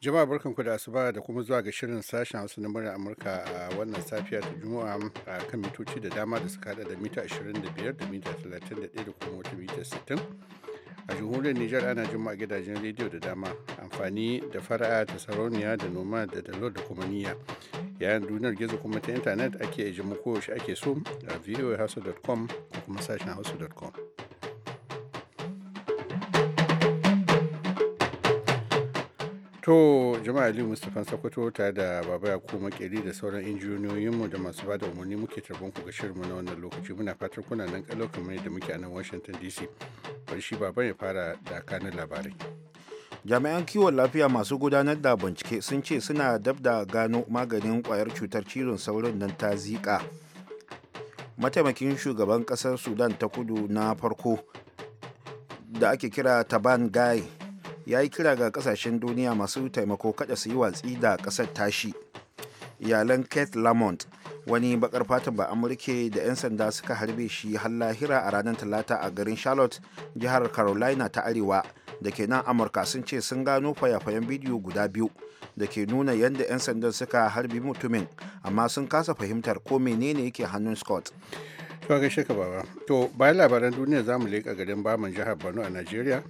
jama'a barkanku da asuba da kuma zuwa ga shirin sashen hausa na murya amurka a wannan safiya ta juma'a a kan mitoci da dama da suka hada da mita 25 da mita 31 da kuma wata mita 60 a jamhuriyar nijar ana jin a gidajen rediyo da dama amfani da fara'a ta sarauniya da noma da dalo da kuma niyya yayin duniyar gizo kuma ta intanet ake ajiye mu koyaushe ake so a voahausa.com ko kuma sashen hausa.com To jama'a Aliyu Mustapha Sokoto tare da Baba Yakubu Makeri da sauran injiniyoyinmu da masu bada umarni muke tarbon ku ga shirinmu na wannan lokaci muna fatan kuna nan kalau kamar da muke a nan Washington DC. Bari shi Baba ya fara da kanin labarai. Jami'an kiwon lafiya masu gudanar da bincike sun ce suna dab da gano maganin kwayar cutar cizon saurin nan ta zika. Mataimakin shugaban kasar Sudan ta kudu na farko da ake kira Taban Gai ya yi kira ga kasashen duniya masu taimako kada su yi watsi da kasar tashi iyalan keith lamont wani bakar fatan ba amurke da 'yan sanda suka harbe shi har lahira a ranar talata a garin charlotte jihar carolina ta arewa da ke nan amurka sun ce sun gano fayafayen bidiyo guda biyu da ke nuna yadda 'yan sandan suka harbi mutumin amma sun kasa fahimtar ko menene yake hannun scott to gaishe ka baba to bayan labaran duniya za mu leƙa garin baman jihar borno a nigeria.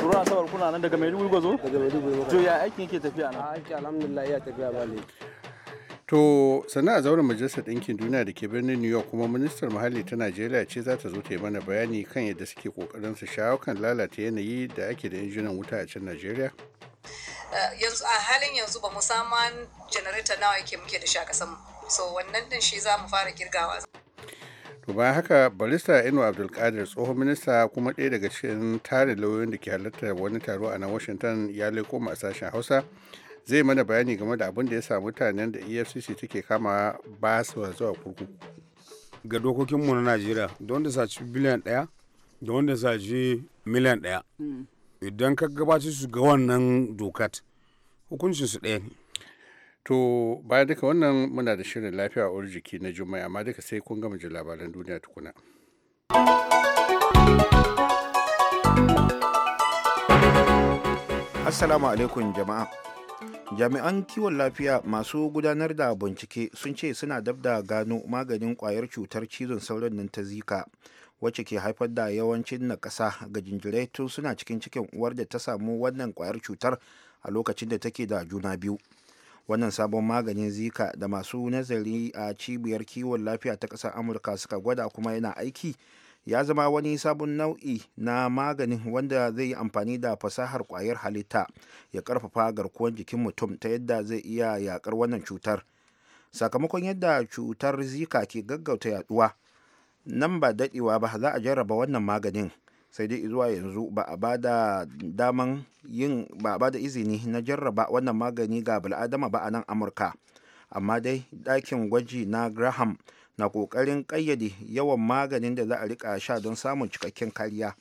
Dura Asabar kuna nan daga Maiduguri gwazo? Daga To aikin yake tafiya na ah, Aiki alhamdulillah ya tafiya ba ne. To sana a zauren majalisar ɗinkin duniya da ke birnin New York kuma ministar muhalli ta Najeriya ce za ta zo ta yi mana bayani kan yadda suke kokarin su shawo kan lalata yanayi da ake da injunan wuta a can Najeriya. Eh, yanzu a halin yanzu ba mu saman janareta nawa yake muke da shi a kasan so wannan din shi za mu fara girgawa to bayan haka barista inu abdulkadir tsohon minista kuma ɗaya daga cikin tare lauyoyin da ke halartar wani taro a nan washington ya leko a sashen hausa zai mana bayani game da abin da ya samu mutanen da efcc take kama ba su zuwa kurkuku ga dokokinmu na najeriya da wanda saci biliyan ɗaya da wanda saci miliyan ɗaya hmm. idan ka gabatar su ga wannan dokat hukuncin su ɗaya ne To bayan duka wannan muna da shirin lafiya a uwar jiki na Juma'a amma duka sai kun gama jin labaran duniya tukuna. Assalamu alaikum jama'a. Jami'an kiwon lafiya masu gudanar da bincike sun ce suna dab da gano maganin kwayar cutar cizon sauran nan ta zika wacce ke haifar da yawancin nakasa ga jinjirai tun suna cikin cikin uwar da ta samu wannan kwayar cutar a lokacin da take da juna biyu. wannan sabon maganin zika da masu nazari a cibiyar kiwon lafiya ta ƙasar amurka suka gwada kuma yana aiki ya zama wani sabon nau'i na maganin wanda zai yi amfani da fasahar kwayar halitta ya karfafa garkuwar jikin mutum ta yadda zai iya yakar wannan cutar sakamakon yadda cutar zika ke gaggauta yaduwa nan ba dadewa ba za a jarraba wannan maganin sai dai zuwa yanzu ba a ba da daman yin ba a ba da izini na jarraba wannan magani ga bil'adama ba a nan amurka amma dai ɗakin gwaji na graham na ƙoƙarin ƙayyade yawan maganin da za a rika sha don samun cikakken kariya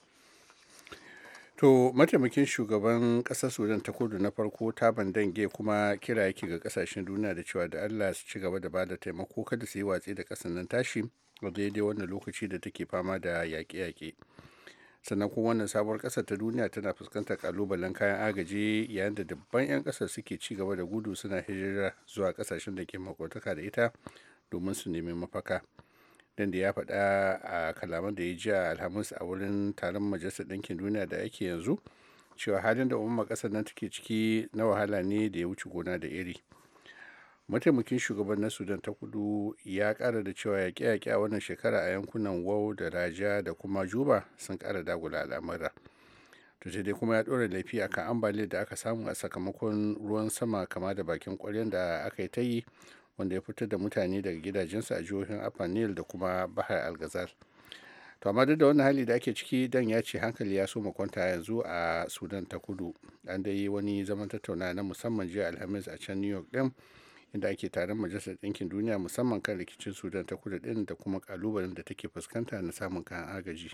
to mataimakin shugaban ƙasar sudan ta kudu na farko ta bandange kuma kira yake ga ƙasashen duniya da cewa da allah su ci gaba da ba da taimako kada su yi watsi da ƙasar nan tashi a daidai wannan lokaci da take fama da yaƙe-yaƙe sannan kuma wannan sabuwar ƙasa ta duniya tana fuskantar kalubalen kayan agaji yayin da dubban 'yan ƙasar suke ci gaba da gudu suna hijira zuwa ƙasashen da ke makotaka da ita domin su nemi mafaka dan da ya faɗa a kalaman da ya ji a alhamis a wurin taron majalisar ɗinkin duniya da ake yanzu cewa halin da umma ƙasar nan take ciki na wahala ne da ya wuce gona da iri mataimakin shugaban na sudan ta kudu ya kara da cewa ya yaƙe a wannan shekara a yankunan wau da raja da kuma juba sun kara dagula al'amura to dai kuma ya ɗora laifi akan ambaliyar da aka samu a sakamakon ruwan sama kama da bakin ƙwaryen da aka yi ta yi wanda ya fitar da mutane daga gidajensu a jihohin upper da kuma bahar algazar to amma duk da wannan hali da ake ciki dan ya ce hankali ya so kwanta yanzu a sudan ta kudu an dai wani zaman tattauna na musamman jiya alhamis a can new york din inda ake taron majalisar ɗinkin duniya musamman kan rikicin sudan ta kudu ɗin da kuma kalubalen da take fuskanta na samun kayan agaji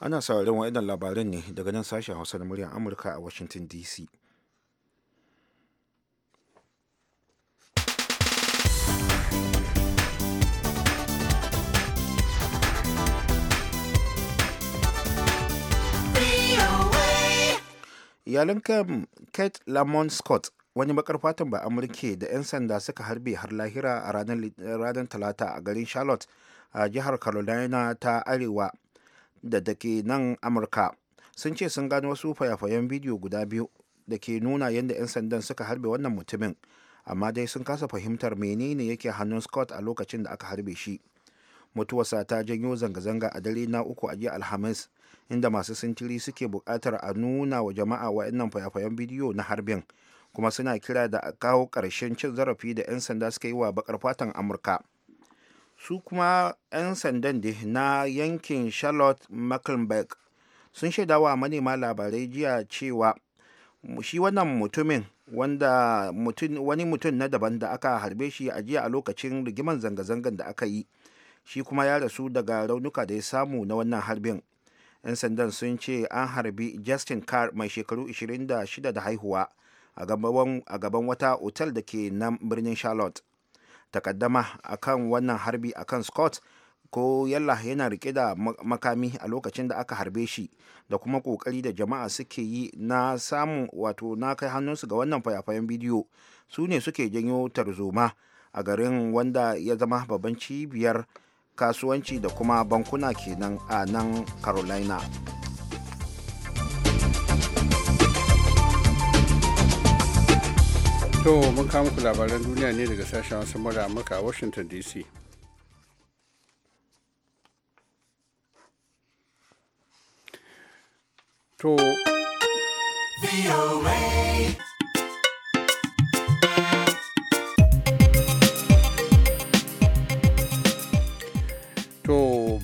ana sauraron waɗannan labaran ne daga nan sashen hausa na muryar amurka a washington dc iyalan kam kate lamont scott wani bakar fatan ba amurke da 'yan sanda suka harbe har lahira a ranar talata a garin charlotte a jihar carolina ta arewa da dake nan amurka sun ce sun gano wasu fayafayen bidiyo guda biyu da ke nuna yadda 'yan sandan suka harbe wannan mutumin amma dai sun kasa fahimtar menene yake hannun scott a lokacin da aka harbe shi mutuwarsa ta janyo zanga-zanga a dare na uku a jiya alhamis inda masu sintiri suke buƙatar a nuna wa jama'a wa'annan fayafayen bidiyo na harbin kuma suna kira da a kawo ƙarshen cin zarafi da 'yan sanda suka yi wa bakar fatan amurka su kuma 'yan sandan da na yankin charlotte mecklenburg sun shaida wa manema labarai jiya cewa shi wannan mutumin wanda wani mutum na daban da aka harbe shi a jiya a lokacin rigiman zanga-zangan da aka yi shi kuma ya rasu daga raunuka da ya samu na wannan harbin 'yan sandan sun ce an harbi justin carr mai shekaru 26 da haihuwa a gaban wata otal da ke nan birnin charlotte takaddama akan wannan harbi akan scott ko yalla yana rike da makami a lokacin da aka harbe shi da kuma kokari da jama'a suke yi na samu wato na kai hannunsu ga wannan fayafayen bidiyo su ne suke janyo tarzoma a garin wanda ya zama babban cibiyar kasuwanci da kuma bankuna kenan a nan carolina To mun kawo muku labaran duniya ne daga sashen wasu mura maka Washington DC. To.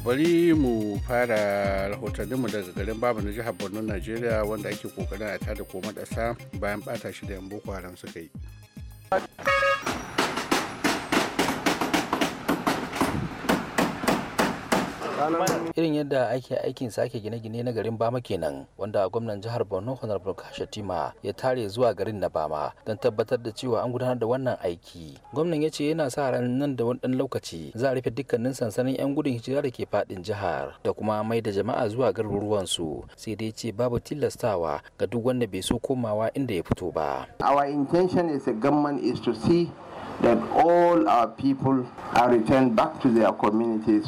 bari mu fara rahotanninmu daga garin babu na jihar borno najeriya wanda ake kokarin a da koma ƙasa bayan bata shi da yan boko haram suka yi irin yadda ake aikin sake gine-gine na garin bama kenan wanda gwamnan jihar borno honorable kashatima ya tare zuwa garin na bama don tabbatar da cewa an gudanar da wannan aiki gwamnan ya ce yana sa ran nan da wani lokaci za a rufe dukkanin sansanin yan gudun hijira da ke fadin jihar da kuma mai da jama'a zuwa garuruwan su sai dai ce babu tilastawa ga duk wanda bai so komawa inda ya fito ba our intention is a government is to see that all our people are returned back to their communities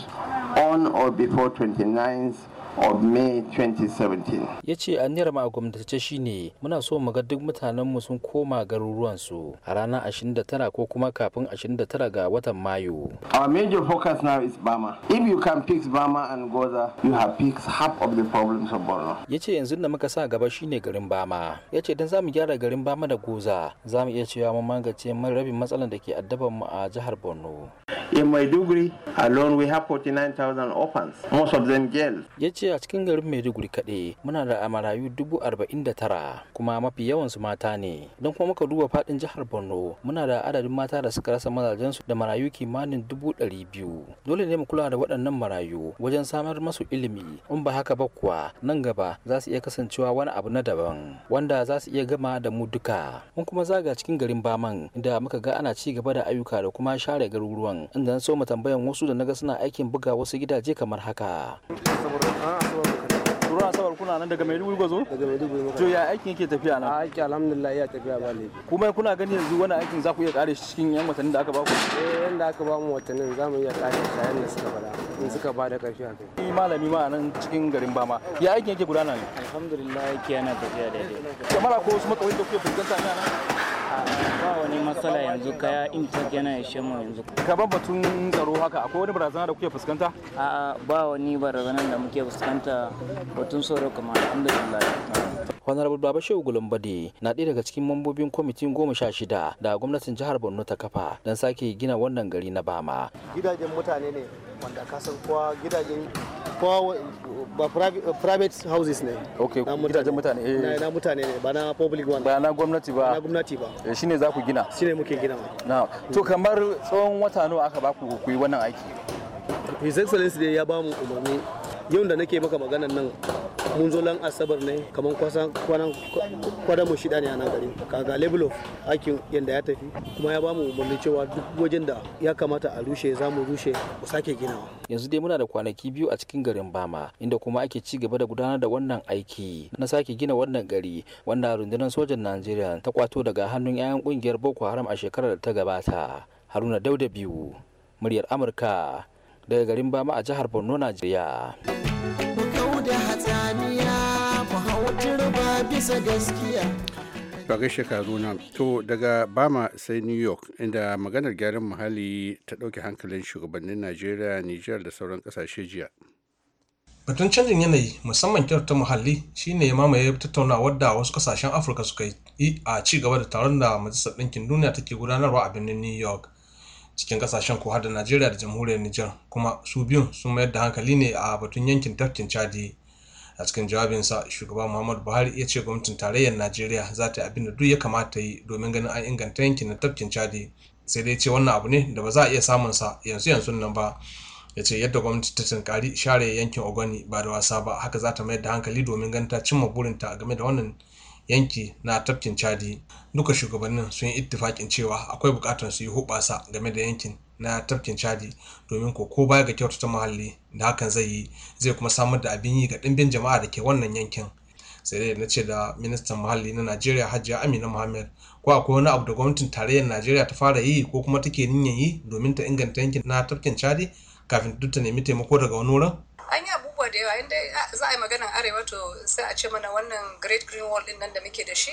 on or before 29th of May 2017. Ya ce an ma a gwamnatace shine muna so mu ga duk mu sun koma garuruwansu a ranar 29 ko kuma kafin 29 ga watan Mayu. Our major focus now is Bama. If you can fix Bama and Goza, you have fixed half of the problems of Borno. Ya ce yanzu da muka sa gaba shine garin Bama. Ya ce don za mu gyara garin Bama da Goza, za mu iya cewa mun magance man rabin matsalan da ke addaban mu a jihar Borno. In Maiduguri alone we have 49,000 orphans, most of them girls. Ya ce a cikin garin maiduguri kaɗai muna da marayu dubu arba'in da tara kuma mafi su mata ne don kuma muka duba faɗin jihar borno muna da adadin mata da suka rasa mazajensu da marayu kimanin dubu ɗari biyu dole ne mu kula da waɗannan marayu wajen samar masu ilimi in ba haka ba kuwa nan gaba za su iya kasancewa wani abu na daban wanda za su iya gama da mu duka mun kuma zaga cikin garin baman inda muka ga ana ci gaba da ayyuka da kuma share garuruwan inda na so mu tambayan wasu da naga suna aikin buga wasu gidaje kamar haka Фінансова. Дурацька jihar kuna nan daga Maiduguri gwazo? Daga Maiduguri muka. To ya aikin yake tafiya nan? Aiki alhamdulillah ya tafiya ba ne. Kuma kuna gani yanzu wani aikin za ku iya kare shi cikin yan watannin da aka ba ku? Eh yanda aka ba mu watannin za mu iya kare shi yayin da suka bada. In suka bada karfi a kai. Ni malami ma nan cikin garin Bama. Ya aikin yake gudana ne? Alhamdulillah yake yana tafiya daidai. Kamar ko wasu makawai da kuke fuskanta ne nan? ba wani matsala yanzu kaya intake yana ishe mu yanzu gaban batun tsaro haka akwai wani barazana da kuke fuskanta a ba wani barazanar da muke fuskanta batun so kwarai alhamdulillah honorable baba shehu gulumbade na ɗaya daga cikin mambobin kwamitin goma sha shida da gwamnatin jihar borno ta kafa don sake gina wannan gari na bama gidajen mutane ne wanda ka san kowa gidajen kowa ba eh, private houses ne ok gidajen mutane eh na mutane ne ba na public one ba na gwamnati ba na gwamnati ba eh, shine za ku gina shine muke gina na to kamar tsawon wata nawa aka ba ku ku yi wannan aiki his excellency dai ya ba mu umarni yau da nake maka maganan nan mun zo lan asabar ne kamar kwasan kwanan mu shida ne a nan gari kaga level of hakin yanda ya tafi kuma ya bamu umarni cewa duk wajen da ya kamata a rushe za mu rushe mu sake ginawa yanzu dai muna da kwanaki biyu a cikin garin Bama inda kuma ake ci gaba da gudanar da wannan aiki na sake gina wannan gari wanda rundunar sojan Najeriya ta kwato daga hannun 'ya'yan kungiyar Boko Haram a shekarar da ta gabata Haruna Dauda biyu muryar Amurka daga garin Bama a jihar Borno, Najeriya. bisa gaskiya. na to daga Bama sai New York inda maganar gyaran muhalli ta ɗauke hankalin shugabannin Najeriya, niger da sauran kasashe jiya. Batun canjin yanayi musamman kyautar muhalli shine ya mamaye tattaunawar da wasu kasashen Afirka suka yi a ci gaba da taron da Majalisar Ɗinkin Duniya take gudanarwa a birnin New York. cikin kasashen ko har da najeriya da jamhuriyar nijar kuma su biyun sun mayar da hankali ne a batun yankin tafkin chadi a cikin jawabinsa shugaba muhammadu buhari ya ce gwamnatin tarayyar najeriya za ta yi abin da duk ya kamata yi domin ganin an inganta yankin na tafkin chadi sai dai ce wannan abu ne da ba za a iya samun sa yanzu yanzu nan ba ya ce yadda gwamnati ta tunkari share yankin ogoni ba da wasa ba haka za ta mayar da hankali domin ganin ta cimma burinta game da wannan yanki na tafkin chadi duka shugabannin sun yi ittifakin cewa akwai bukatar su yi hubasa game da yankin na tafkin chadi domin ko ko baya ga kyautata muhalli da hakan zai yi zai kuma samar da abin yi ga ɗimbin jama'a da ke wannan yankin sai dai na ce da ministan muhalli na najeriya hajiya amina muhammed ko akwai wani abu da gwamnatin tarayyar najeriya ta fara yi ko kuma take niyyar yi domin ta inganta yankin na tafkin chadi kafin ta nemi taimako daga wani wurin an yi abubuwa da yawa inda ah, za a yi magana arewa to sai a ce mana wannan great green wall din nan da muke da shi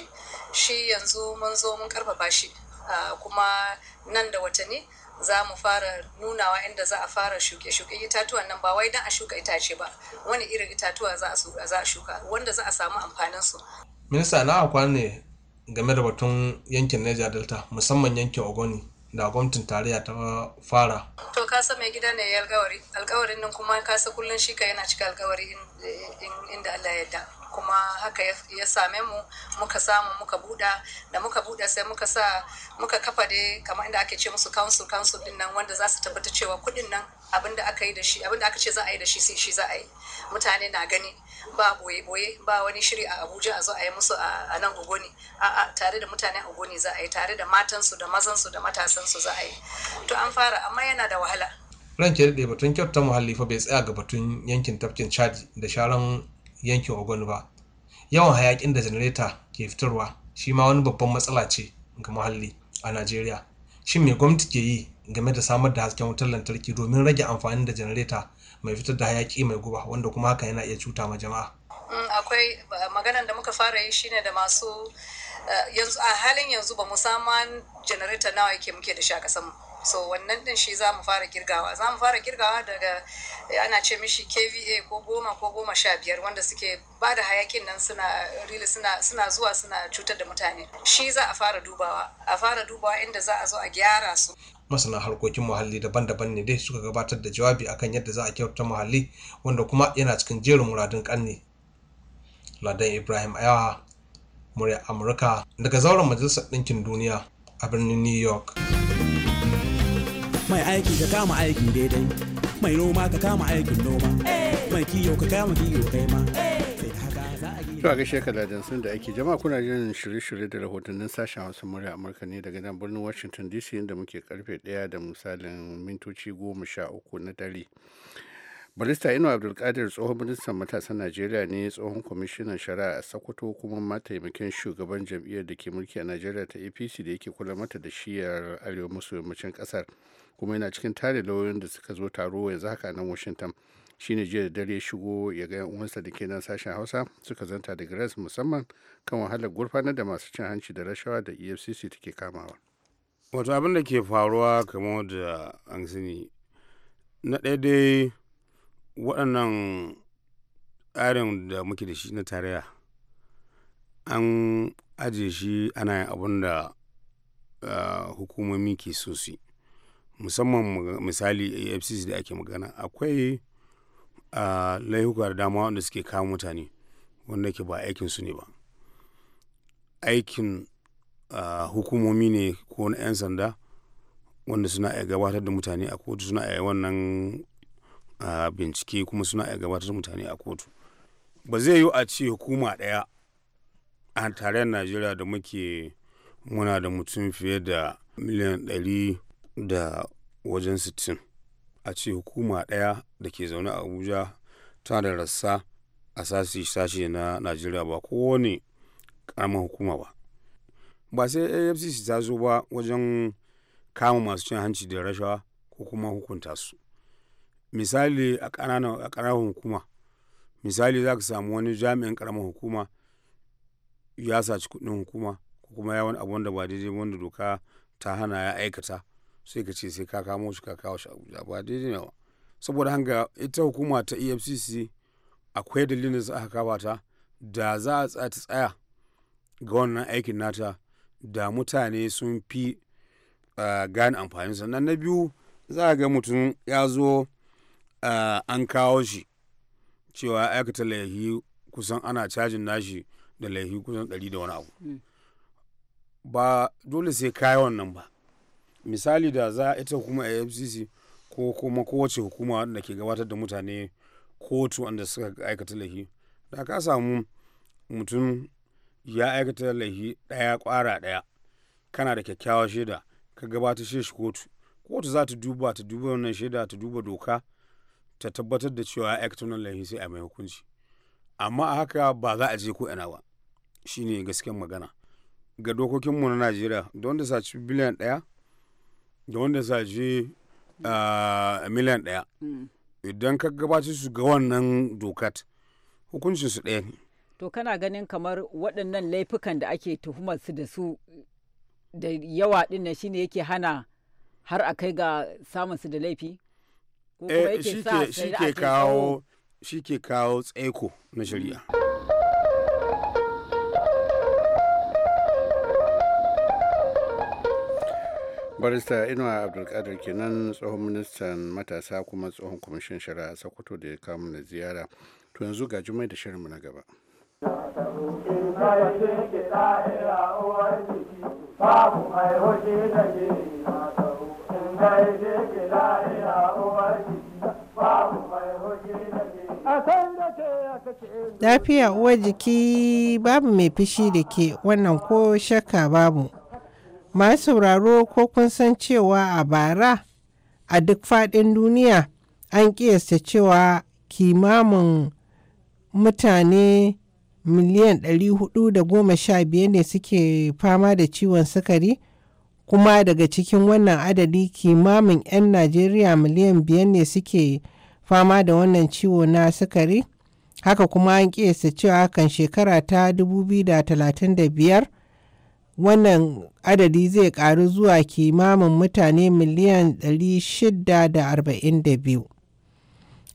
shi yanzu mun zo mun karfafa shi ah, kuma nan da watanni za mu fara nunawa inda za a fara shuke-shuke itatuwan nan ba wai dan a shuka itace ba wani irin itatuwa za a shuka wanda za a samu amfanin su. minista na akwai ne game da batun yankin niger delta musamman yankin ogoni da gwamnatin tarayya ta fara. To ka sa mai gida ne ya alkawari, alkawarin nan kuma ka sa kullum shi ka yana cika alkawari inda Allah ya yarda. kuma haka ya same mu muka samu muka buda da muka buda sai muka sa muka kafa dai kamar inda ake ce musu council council din nan wanda za su tabbata cewa kuɗin nan abinda aka yi da shi abinda aka ce za a yi da shi sai shi za a yi mutane na gani ba boye boye ba wani shiri a Abuja a zo a yi musu a nan Ogoni a'a tare da mutane Ogoni za a yi tare da matansu da mazansu da matasansu za a yi to an fara amma yana da wahala ranke daɗe batun kyautar muhalli fa bai tsaya ga batun yankin tafkin chaji da sharan yankin ogun ba yawan hayakin da janareta ke fitarwa shi ma wani babban matsala ce ga muhalli a najeriya shin me gwamnati ke yi game da samar da hasken wutar lantarki domin rage amfani da janareta mai fitar da hayaki mai guba wanda kuma haka yana iya cuta ma jama'a mm, akwai maganan da muka fara yi shine da masu eh, yanzu a halin yanzu ba mu sama janareta nawa yake muke da shi a kasan mu so wannan din shi za mu fara girgawa za mu fara girgawa daga eh, ana ce mishi kva ko goma ko goma sha biyar wanda suke ba da hayakin nan suna really suna zuwa suna cutar da mutane shi za a fara dubawa a fara dubawa inda za a zo a gyara su masana harkokin muhalli daban-daban ne dai suka gabatar da jawabi akan yadda za a kyauta muhalli wanda kuma yana cikin jerin muradun kanne ladan ibrahim ayawa murya amurka daga zauren majalisar ɗinkin duniya a birnin new york mai aiki ka kama aikin daidai mai noma ka kama aikin noma mai kiyo ka kama kiyo kai ma Tuwa ga shekara da sun da ake jama'a kuna jin shirye-shirye da rahotannin sashen hausa murya Amurka ne daga nan birnin Washington DC inda muke karfe ɗaya da misalin mintoci goma sha uku na dare. barista ino abdulkadir tsohon ministan matasan najeriya ne tsohon kwamishinan shari'a a sokoto kuma mataimakin shugaban jam'iyyar da ke mulki a najeriya ta apc da yake kula mata da shiyar arewa maso yammacin kasar kuma yana cikin tare lauyoyin da suka zo taro yanzu haka nan washington shine jiya da dare shigo ya ga uwansa da ke nan sashen hausa suka zanta da grace musamman kan wahalar gurfanar da masu cin hanci da rashawa da efcc take kamawa wato abin da ke faruwa kamar da an sani na ɗaya dai waɗannan tsarin da muke da shi na tarayya an ajiye shi ana yin abin da ah, hukumomi ke sosai. musamman misali afcc da ake magana akwai a laihuka da dama wanda suke kawo mutane wanda ke ba aikin su ne ba aikin hukumomi ne ko na 'yan sanda wanda suna iya gabatar da mutane a kotu suna iya wannan bincike kuma suna iya gabatar da mutane a kotu ba zai yi a ce hukuma ɗaya a tarayyar najeriya da muke muna da mutum fiye da miliyan ɗari da wajen sittin a ce hukuma ɗaya da ke zaune a abuja tana da rassa a sashi sashi na najeriya ba kowane karamin hukuma ba ba sai afcc ta zo ba wajen kama masu cin hanci da rashawa ko kuma hukunta su misali a ƙananan hukuma misali za ka samu wani jami'in ƙaramin hukuma ya saci kuɗin hukuma ko kuma ya wani abu wanda ba daidai wanda doka ta hana ya aikata sai ka ce sai ka kamo shi ka kawo shi abuja ba daidai ne ba saboda hanga ita hukuma ta efcc akwai dalilin da za a kafa ta da za a tsaya ga wannan aikin nata da mutane sun fi ah, gane amfanin sannan na biyu za a ga mutum ya zo ah, an kawo shi cewa aikata laihi kusan ana cajin nashi da laihi kusan ɗari da wani abu hmm. ba dole sai kayi wannan ba misali da za ita hukuma fcc ko kuma kowace hukuma wadanda ke gabatar da mutane kotu wanda suka aikata laifi da ka samu mutum ya aikata laifi daya kwara daya kana da kyakkyawa shaida ka gabata shi kotu kotu za ta duba ta duba wannan shaida ta duba doka ta tabbatar da cewa ya aikata wannan laifi sai a mai hukunci amma a haka ba za a je ko ina ba shine gasken magana ga dokokinmu na najeriya don da saci biliyan ɗaya da wanda sace mm. ah, miliyan ɗaya mm. idan ka gabatar su ga wannan dokat hukuncin su ɗaya ne to kana ganin kamar waɗannan laifukan da ake tuhumar su da su da yawa ɗin nan shine yake hana har a kai ga samun su da laifi ko kuma eh, yake sa shi ke kawo tsaiko na shari'a mm. barista inuwa abdulkadir kenan tsohon ministan matasa kuma tsohon kwamishin shari'a sokoto da ya kawo mana ziyara to yanzu ga jumai da shirinmu na gaba lafiya uwar jiki babu mai fishi da ke wannan ko shakka babu ma sauraro ko kun san cewa a bara a duk faɗin duniya an ƙiyasta cewa kimamin mutane miliyan 415 ne suke fama da ciwon sukari kuma daga cikin wannan adadi kimamin 'yan najeriya miliyan 5 ne suke fama da wannan ciwo na sukari haka kuma an ƙiyasta cewa kan shekara ta 2035 wannan adadi zai ƙaru zuwa kimamin mutane miliyan 642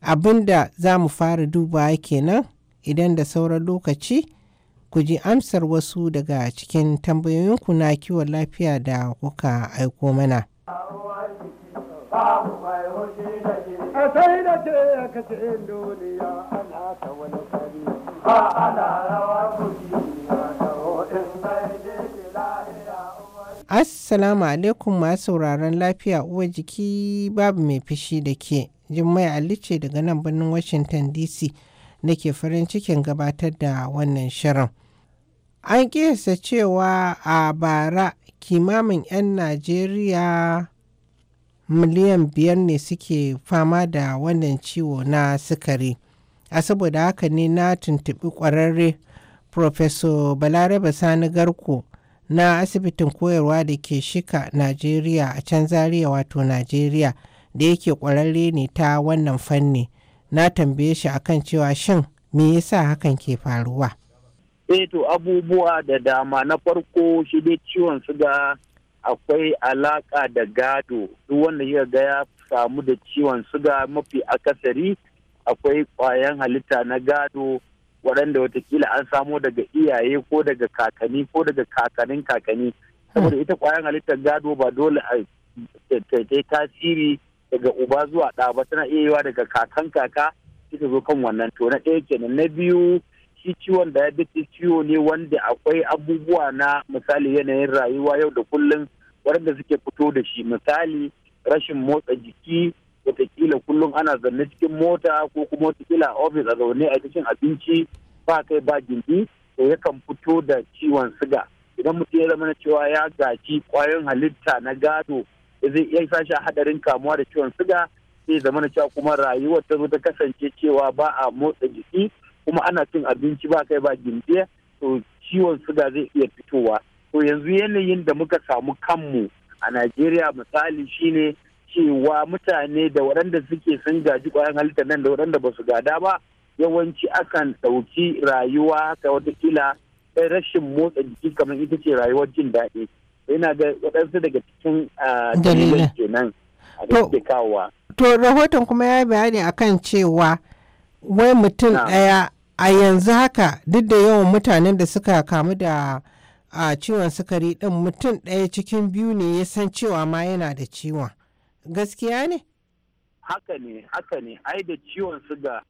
abinda za mu fara dubawa kenan idan da sauran lokaci ku ji amsar wasu daga cikin tambayoyinku na kiwon lafiya da kuka aiko mana ana rawa Assalamu alaikum masu sauraron lafiya uwa jiki babu mai fishi da ke Jummai Ali ce daga nan birnin Washington DC da ke farin cikin gabatar da wannan shirin. An kiyasta cewa a bara kimamin 'yan Najeriya miliyan biyar ne suke fama da wannan ciwo na sukari. A saboda haka ne na tuntuɓi ƙwararre Professor Balarabe Sani Garko. na asibitin koyarwa da ke shika Najeriya a can Zaria wato Najeriya da yake kwararre ne ta wannan fanni. Na tambaye shi akan cewa shin me yasa hakan ke faruwa? Eh to abubuwa da dama na farko shi dai ciwon suga akwai alaka da gado duk wanda ya ga ya samu da ciwon suga mafi akasari akwai kwayan halitta na gado waɗanda watakila an samo daga iyaye ko daga kakanni ko daga kakanin kakanni saboda ita kwayan halittar gado ba dole a ta tasiri daga uba zuwa ɗa ba tana iya yiwa daga kakan kaka kika zo kan wannan to na ɗaya kenan na biyu shi ciwon diabetes ciwo ne wanda akwai abubuwa na misali yanayin rayuwa yau da kullum waɗanda suke fito da shi misali rashin motsa jiki wataƙila kullum ana zanne cikin mota ko kuma wataƙila a ofis a zaune a cikin abinci ba kai ba gindi to yakan fito da ciwon siga idan mutum ya zama cewa ya gaci kwayoyin halitta na gado zai iya sashi a hadarin kamuwa da ciwon siga sai zama na cewa kuma rayuwar ta zo ta kasance cewa ba a motsa jiki kuma ana cin abinci ba kai ba gindi to ciwon siga zai iya fitowa to yanzu yanayin da muka samu kanmu a najeriya misali shine cewa mutane da waɗanda suke sun gaji ƙwayan halittar nan da waɗanda ba su gada ba yawanci akan ɗauki rayuwa haka watakila ɗan rashin motsa jiki kamar ita ce rayuwar jin daɗi yana ga waɗansu daga cikin ah, dalilin kenan a da kawowa. To rahoton kuma ya yi bayani akan cewa wai mutum ɗaya a yanzu haka duk da yawan mutanen da suka kamu da a ah, ciwon sukari ɗin mutum ɗaya cikin biyu ne ya san cewa ma yana da ciwon. Gaskiya ne? Haka ne, haka ne, ai da ciwon suga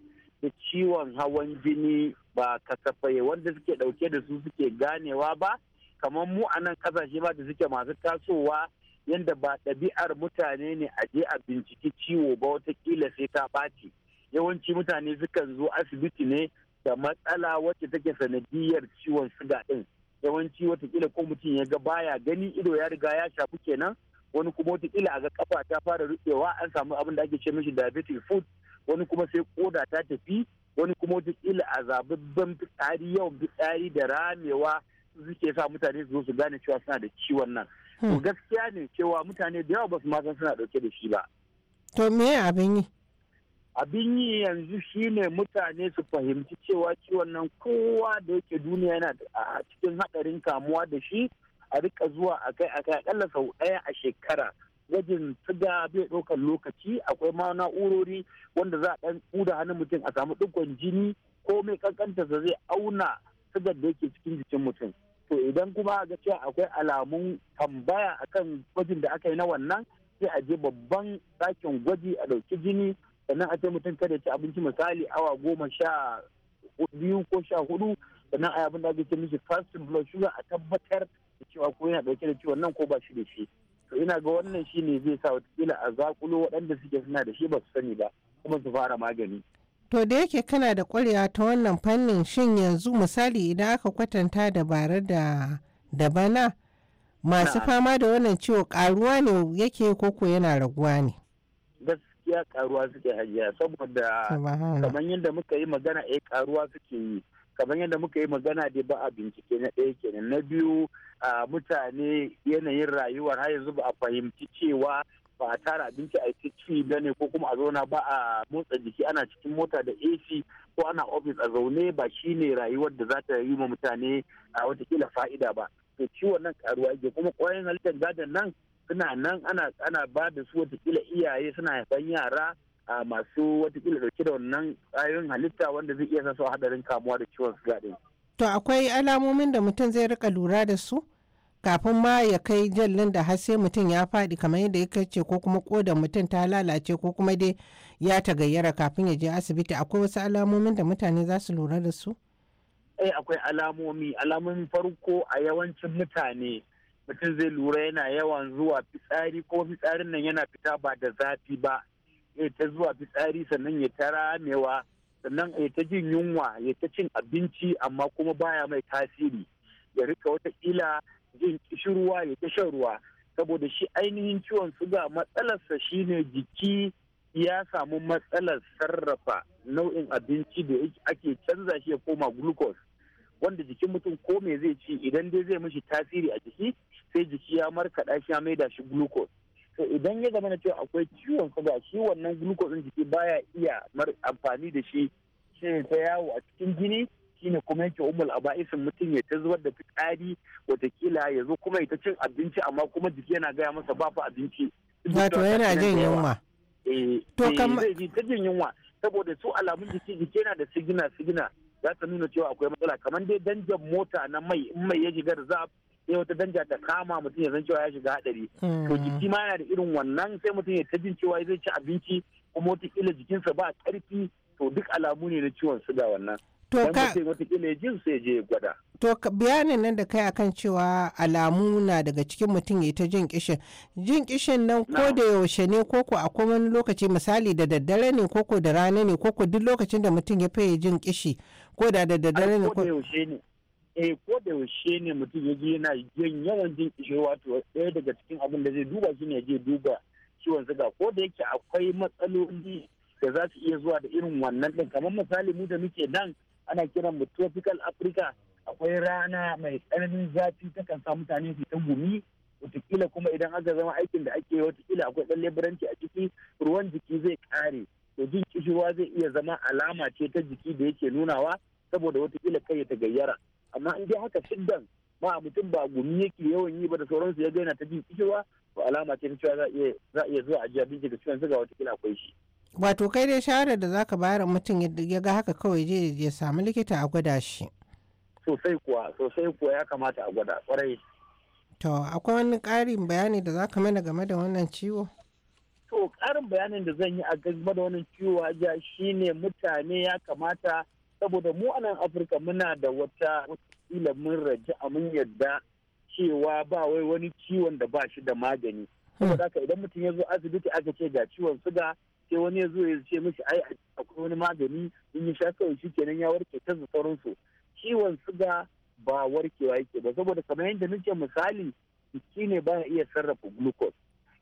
da ciwon hawan jini ba kasafai wanda suke ɗauke da su suke ganewa ba, kamar mu a nan kasashe ba da suke masu tasowa yadda ba ɗabi'ar mutane ne a je a binciki ciwo ba watakila sai ta ɓaci. Yawanci mutane sukan zo asibiti ne da matsala wacce take sanadiyar ciwon suga ɗin. Yawanci watakila ko mutum ya ga baya gani ido ya riga ya shafu kenan. wani kuma wata a ga kafa ta fara rubewa an samu abin da ake ce mishi diabetic food wani kuma sai koda ta tafi wani kuma wata ila a zababban fitsari yawan fitsari da ramewa suke sa mutane su zo su gane cewa suna da ciwon nan to hmm. gaskiya ne cewa mutane da yawa ba su san suna dauke da shi ba to me abin yi abin yi yanzu shine mutane su fahimci cewa ciwon nan kowa da yake duniya yana a cikin haɗarin kamuwa da shi a rika zuwa a kai akai akai akalla sau ɗaya a shekara gwajin siga bai ɗaukar lokaci akwai ma na'urori wanda za a ɗan ƙuda hannun mutum a samu ɗigon jini ko mai kankanta zai auna sigar da yake cikin jikin mutum to idan kuma ga cewa akwai alamun tambaya akan gwajin da aka yi na wannan sai a je babban ɗakin gwaji a ɗauki jini sannan a ce mutum kada ci abinci misali awa goma sha biyu ko sha hudu sannan a yi abin da ake ce mishi fasting blood sugar a tabbatar cewa ko yana dauke da ciwon nan ko ba shi da shi to ina ga wannan shi ne zai sa watakila a zakulo waɗanda suke suna da shi ba su sani ba kuma su fara magani. To da yake kana da kwarewa ta wannan fannin shin yanzu misali idan aka kwatanta dabara da da bana masu fama da wannan ciwo karuwa ne yake koko yana raguwa ne. Gaskiya karuwa suke hajiya saboda kamar yadda muka yi magana ya eh, karuwa suke yi. kamar yadda muka yi magana dai ba a bincike na ɗaya kenan na biyu mutane yanayin rayuwar har yanzu ba a fahimci cewa ba a tara abinci a ci ci da ne ko kuma a zauna ba a motsa jiki ana cikin mota da ac ko ana ofis a zaune ba shine rayuwar da za ta yi ma mutane a watakila fa'ida ba to ciwon nan karuwa yake kuma kwayoyin halittar gadon nan suna nan ana ana ba da su watakila iyaye suna haifan yara a masu watakila dauke da wannan ƙwayoyin halitta wanda zai iya sasa hadarin kamuwa da ciwon suga din. To akwai alamomin da mutum zai rika lura da su kafin ma ya kai jallin da har sai mutum ya faɗi kamar yadda ya ce ko kuma kodan mutum ta lalace ko kuma dai ya ta tagayyara kafin ya je asibiti akwai wasu alamomin da mutane za su lura da su? Eh akwai alamomi alamomin farko a yawancin mutane mutum zai lura yana yawan zuwa fitsari ko fitsarin nan yana fita ba da zafi ba ya eh, ta zuwa fitsari sannan ya ta ramewa sannan ya eh, ta jin yunwa ya ta cin abinci amma kuma baya mai tasiri ya rika wata watakila jin kishirwa ya ta shan ruwa saboda shi ainihin ciwon suga matsalarsa shine jiki ya samu matsalar sarrafa nau'in abinci da ake canza shi ya koma glucose wanda jikin mutum ko me zai ci idan dai zai mishi tasiri a jiki sai jiki ya markaɗa shi ya maida shi glucose to idan ya zama na cewa akwai ciwon suga shi wannan glucose din jiki baya iya amfani da shi shi ta yawo a cikin jini shine kuma yake umul aba'isin mutum ya ta zubar da fitsari watakila ya zo kuma ya ta cin abinci amma kuma jiki yana gaya masa ba fa abinci wato yana jin yunwa eh, to eh, ta jin yunwa saboda su alamun jiki jiki yana da sigina sigina za ta nuna cewa akwai matsala kamar dai danjan mota na mai in mai ya shiga da za sai wata danja ta kama mutum ya san cewa ya shiga hadari hmm. to jiki ma yana da irin wannan sai mutum ya ta jin cewa zai ci abinci kuma wataƙila jikinsa ba ƙarfi to duk alamu ne na ciwon suga wannan to ka wataƙila ya jin sai je gwada to bayanin nan da kai akan cewa alamu na daga cikin mutum ya ta jin kishin jin kishin nan ko da yaushe ne ko ko a wani lokaci misali da daddare ne ko ko da rana ne ko ko duk lokacin da mutum ya faye jin kishi ko da da daddare ne ko da yaushe ne eh ko da yaushe ne mutum ya je yana yin yawan jin kishirwa to ɗaya daga cikin abin da zai duba shi ne je duba ciwon suga ko da yake akwai matsaloli da za su iya zuwa da irin wannan ɗin kamar misali mu da muke nan ana kiran mu tropical africa akwai rana mai tsananin zafi ta kan sa mutane su ta gumi wataƙila kuma idan aka zama aikin da ake watakila akwai ɗan leburanci a ciki ruwan jiki zai ƙare to jin kishirwa zai iya zama alama ce ta jiki da yake nunawa saboda wataƙila kai ta gayyara amma in dai haka siddan ma mutum ba gumi yake yawan yi ba da sauransu ya gaina ta jin kishewa to alama ce cewa za iya za iya zuwa ajiya bincika ciwon suga kila akwai shi. wato kai dai shawarar da zaka bayar mutum ya ga haka kawai je ya samu likita a gwada shi. sosai kuwa sosai kuwa ya kamata a gwada kwarai. to akwai wani ƙarin bayani da zaka mana game da wannan ciwo. to ƙarin bayanin da zan yi a game da wannan ciwo ja shine mutane ya kamata saboda mu a nan afirka muna da wata wata mun raji a mun yadda cewa ba wai wani ciwon da ba shi da magani saboda haka idan mutum ya zo asibiti aka ce ga ciwon suga sai wani ya zo ya ce mishi ai akwai wani magani in yi sha shi kenan ya warke ta sauransu ciwon suga ba warkewa yake ba saboda kamar yadda nake misali jiki ne baya iya sarrafa glucose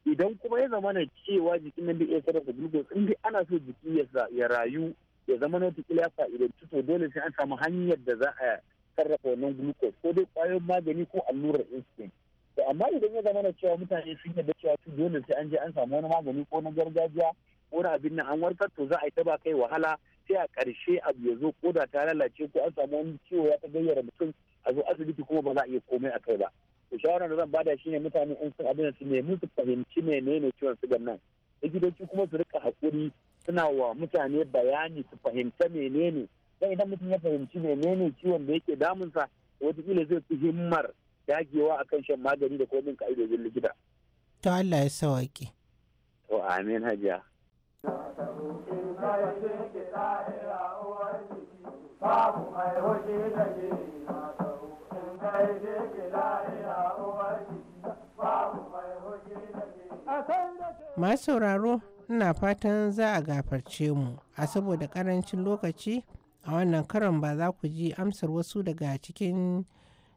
idan kuma ya zama na cewa jikin nan bai iya sarrafa glucose in ana so jiki ya rayu ya zama na wata ya fa'idanci to dole sai an samu hanyar da za a sarrafa wannan glucose ko dai kwayoyin magani ko allurar insulin to amma idan ya zama na cewa mutane sun yarda cewa su dole sai an je an samu wani magani ko na gargajiya ko na abin nan an warkar to za a yi ta ba kai wahala sai a ƙarshe abu ya zo ko da ta lalace ko an samu wani ciwo ya ta gayyara mutum a zo asibiti kuma ba za a iya komai a kai ba to shawarar da zan bada shine mutane in sun abin su nemi su fahimci menene ciwon sugan nan likitoci kuma su rika haƙuri suna wa mutane bayani su fahimta menene dan idan mutum ya fahimci menene ciwon da yake damunsa watakila zai fi himmar dagewa akan shan magani da komin ka'idojin likita. To Allah ya sawaƙi. To amin hajiya. masauraro. sauraro ina fatan za a gafarce mu a saboda karancin lokaci a wannan karon ba za ku ji amsar wasu daga cikin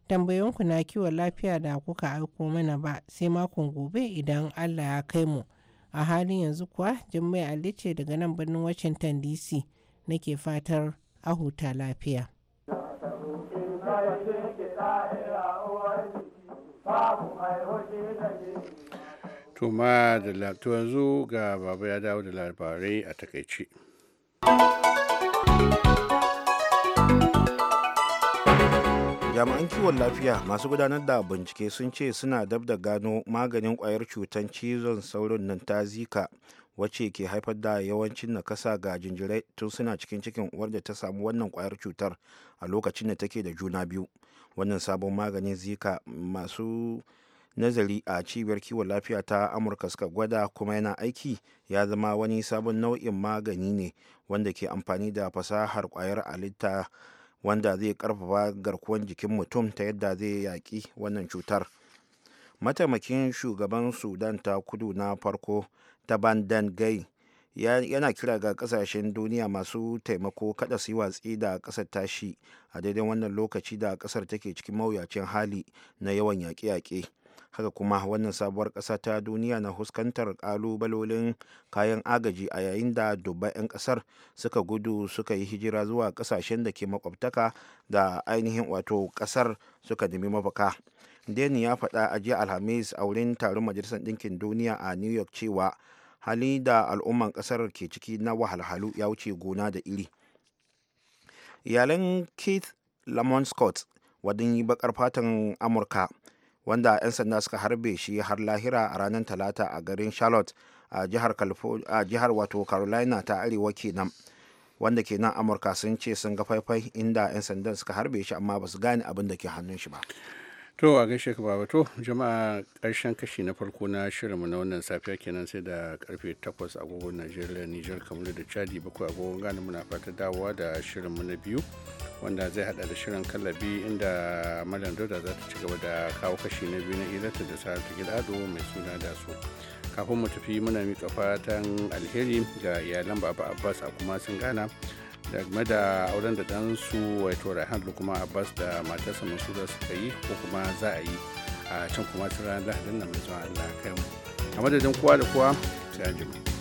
tambayonku na kiwon lafiya da kuka aiko mana ba sai makon gobe idan allah ya kai mu a halin yanzu kuwa jimmai alice ce daga nan birnin washington dc nake fatar a huta lafiya babu mai hoji da To ma yanzu ga baba ya dawo da labarai a takaice. jami'an kiwon lafiya masu gudanar da bincike sun ce suna dab da gano maganin kwayar cutar cizon sauron nan ta zika wacce ke haifar da yawancin nakasa ga jinjirai tun suna cikin cikin uwar da ta samu wannan kwayar cutar a lokacin da take da juna biyu wannan sabon maganin zika masu nazari a cibiyar kiwon lafiya ta amurka suka gwada kuma yana aiki ya zama wani sabon nau'in magani ne wanda ke amfani da fasahar kwayar halitta wanda zai karfafa garkuwar jikin mutum ta yadda zai yaƙi wannan cutar mataimakin shugaban sudan ta kudu na farko ta bandan gai yana kira ga kasashen duniya masu taimako kada su yi watsi da kasar tashi a daidai wannan lokaci da kasar take cikin mawuyacin hali na yawan yaƙe-yaƙe. haka kuma wannan sabuwar ƙasa ta duniya na huskantar ƙalubalolin kayan agaji a yayin da dubban 'yan ƙasar suka gudu suka yi hijira zuwa ƙasashen da ke makwabtaka da ainihin wato ƙasar suka nemi mafaka deni ya faɗa a jiya alhamis a wurin taron majalisar ɗinkin duniya a new york cewa hali da al'umman ƙasar ke ciki na wahalhalu ya wuce gona da iri iyalan keith lamont scott yi bakar fatan amurka wanda 'yan sanda suka harbe shi har lahira a ranar talata a garin charlotte a jihar wato carolina ta arewa kenan wanda kenan amurka sun ce sun ga faifai inda 'yan sanda suka harbe shi amma ba su gane abin da ke hannun shi ba To a gaishe ka baba to jama'a karshen kashi na farko na shirinmu na wannan safiya kenan sai da karfe 8 agogon Najeriya Nijar kamar da Chadi bakwai agogon Ghana muna fata dawowa da shirinmu na biyu wanda zai hada da shirin kallabi inda Malam Dauda za ta ci gaba da kawo kashi na biyu na hirarta da gida Gidado mai suna da su. Kafin mu tafi muna miƙa fatan alheri ga iyalan Baba Abbas a kuma sun gana. game da auren da dansu wato raihan kuma abbas da matarsa masura suka yi ko kuma za a yi a can kuma ranar lahadin nan mai zuwa allah kai mu a madadin kowa da kowa sai an jima